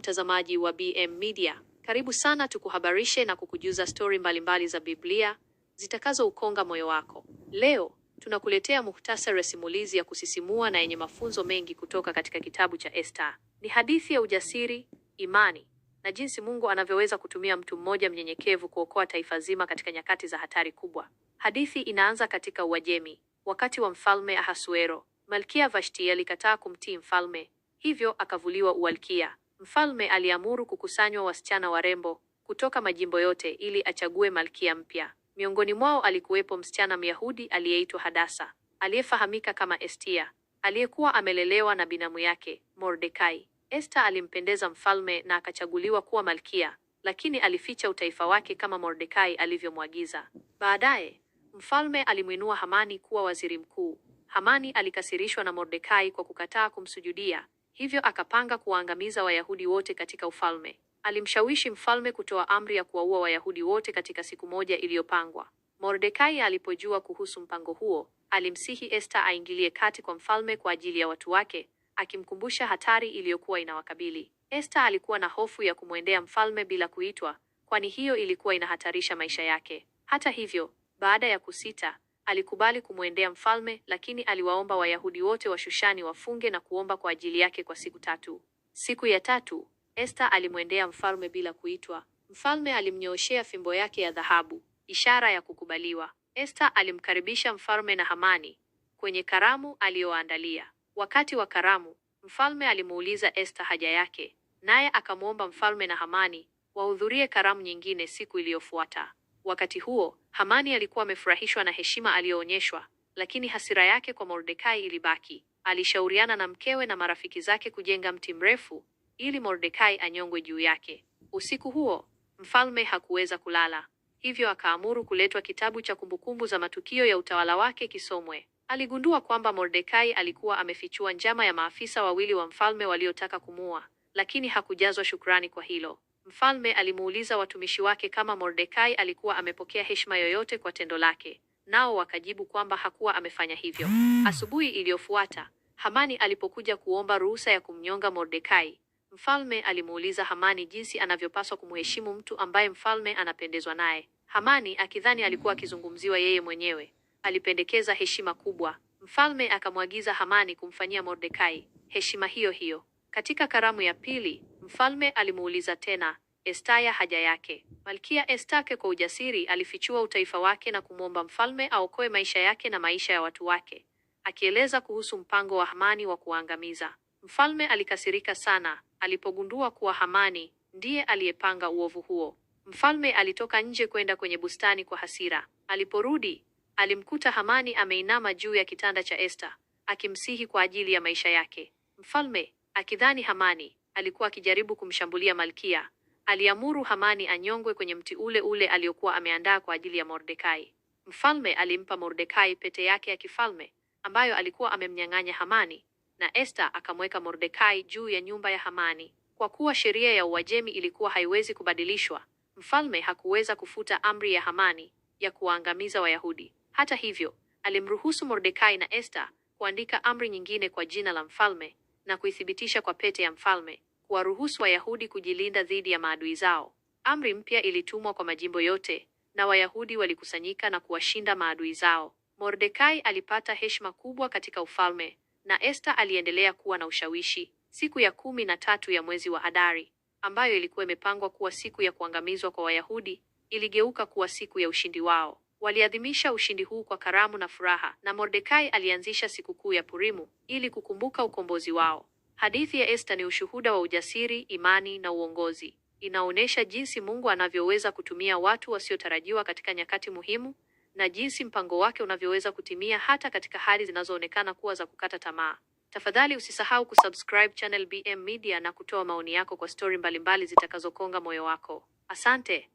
Mtazamaji wa BM Media, karibu sana tukuhabarishe na kukujuza stori mbalimbali za Biblia zitakazoukonga moyo wako. Leo tunakuletea muhtasari wa simulizi ya kusisimua na yenye mafunzo mengi kutoka katika kitabu cha Esta. Ni hadithi ya ujasiri, imani na jinsi Mungu anavyoweza kutumia mtu mmoja mnyenyekevu kuokoa taifa zima katika nyakati za hatari kubwa. Hadithi inaanza katika Uajemi, wakati wa mfalme Ahasuero. Malkia Vashti alikataa kumtii mfalme, hivyo akavuliwa uwalkia. Mfalme aliamuru kukusanywa wasichana warembo kutoka majimbo yote ili achague malkia mpya. Miongoni mwao alikuwepo msichana Myahudi aliyeitwa Hadasa, aliyefahamika kama Estia, aliyekuwa amelelewa na binamu yake Mordekai. Esta alimpendeza mfalme na akachaguliwa kuwa malkia, lakini alificha utaifa wake kama Mordekai alivyomwagiza. Baadaye, mfalme alimwinua Hamani kuwa waziri mkuu. Hamani alikasirishwa na Mordekai kwa kukataa kumsujudia, hivyo akapanga kuwaangamiza Wayahudi wote katika ufalme. Alimshawishi mfalme kutoa amri ya kuwaua Wayahudi wote katika siku moja iliyopangwa. Mordekai alipojua kuhusu mpango huo, alimsihi Esther aingilie kati kwa mfalme kwa ajili ya watu wake, akimkumbusha hatari iliyokuwa inawakabili. Esther alikuwa na hofu ya kumwendea mfalme bila kuitwa, kwani hiyo ilikuwa inahatarisha maisha yake. Hata hivyo, baada ya kusita alikubali kumwendea mfalme, lakini aliwaomba Wayahudi wote wa Shushani wafunge na kuomba kwa ajili yake kwa siku tatu. Siku ya tatu Esta alimwendea mfalme bila kuitwa. Mfalme alimnyooshea fimbo yake ya dhahabu, ishara ya kukubaliwa. Esta alimkaribisha mfalme na Hamani kwenye karamu aliyoandalia. Wakati wa karamu, mfalme alimuuliza Esta haja yake, naye akamwomba mfalme na Hamani wahudhurie karamu nyingine siku iliyofuata. Wakati huo Hamani alikuwa amefurahishwa na heshima aliyoonyeshwa, lakini hasira yake kwa Mordekai ilibaki. Alishauriana na mkewe na marafiki zake kujenga mti mrefu ili Mordekai anyongwe juu yake. Usiku huo mfalme hakuweza kulala, hivyo akaamuru kuletwa kitabu cha kumbukumbu za matukio ya utawala wake kisomwe. Aligundua kwamba Mordekai alikuwa amefichua njama ya maafisa wawili wa mfalme waliotaka kumua, lakini hakujazwa shukrani kwa hilo. Mfalme alimuuliza watumishi wake kama Mordekai alikuwa amepokea heshima yoyote kwa tendo lake, nao wakajibu kwamba hakuwa amefanya hivyo. Hmm. Asubuhi iliyofuata, Hamani alipokuja kuomba ruhusa ya kumnyonga Mordekai, mfalme alimuuliza Hamani jinsi anavyopaswa kumheshimu mtu ambaye mfalme anapendezwa naye. Hamani akidhani alikuwa akizungumziwa yeye mwenyewe, alipendekeza heshima kubwa. Mfalme akamwagiza Hamani kumfanyia Mordekai heshima hiyo hiyo. Katika karamu ya pili Mfalme alimuuliza tena, Estaya haja yake. Malkia Estake kwa ujasiri alifichua utaifa wake na kumwomba mfalme aokoe maisha yake na maisha ya watu wake, akieleza kuhusu mpango wa Hamani wa kuangamiza. Mfalme alikasirika sana alipogundua kuwa Hamani ndiye aliyepanga uovu huo. Mfalme alitoka nje kwenda kwenye bustani kwa hasira. Aliporudi, alimkuta Hamani ameinama juu ya kitanda cha Esta, akimsihi kwa ajili ya maisha yake. Mfalme akidhani Hamani alikuwa akijaribu kumshambulia Malkia, aliamuru Hamani anyongwe kwenye mti ule ule aliokuwa ameandaa kwa ajili ya Mordekai. Mfalme alimpa Mordekai pete yake ya kifalme ambayo alikuwa amemnyang'anya Hamani, na Esta akamweka Mordekai juu ya nyumba ya Hamani. Kwa kuwa sheria ya Uajemi ilikuwa haiwezi kubadilishwa, mfalme hakuweza kufuta amri ya Hamani ya kuwaangamiza Wayahudi. Hata hivyo, alimruhusu Mordekai na Esta kuandika amri nyingine kwa jina la mfalme na kuithibitisha kwa pete ya mfalme kuwaruhusu Wayahudi kujilinda dhidi ya maadui zao. Amri mpya ilitumwa kwa majimbo yote na Wayahudi walikusanyika na kuwashinda maadui zao. Mordekai alipata heshima kubwa katika ufalme na Esta aliendelea kuwa na ushawishi. Siku ya kumi na tatu ya mwezi wa Adari, ambayo ilikuwa imepangwa kuwa siku ya kuangamizwa kwa Wayahudi, iligeuka kuwa siku ya ushindi wao. Waliadhimisha ushindi huu kwa karamu na furaha, na Mordekai alianzisha sikukuu ya Purimu ili kukumbuka ukombozi wao. Hadithi ya Esta ni ushuhuda wa ujasiri, imani na uongozi. Inaonyesha jinsi Mungu anavyoweza kutumia watu wasiotarajiwa katika nyakati muhimu na jinsi mpango wake unavyoweza kutimia hata katika hali zinazoonekana kuwa za kukata tamaa. Tafadhali usisahau kusubscribe channel BM Media na kutoa maoni yako kwa stori mbalimbali zitakazokonga moyo wako. Asante.